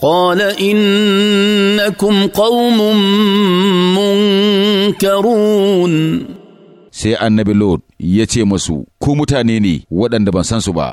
قال إنكم قوم منكرون sai annabi Lord ya ce masu ku mutane ne waɗanda ban san su ba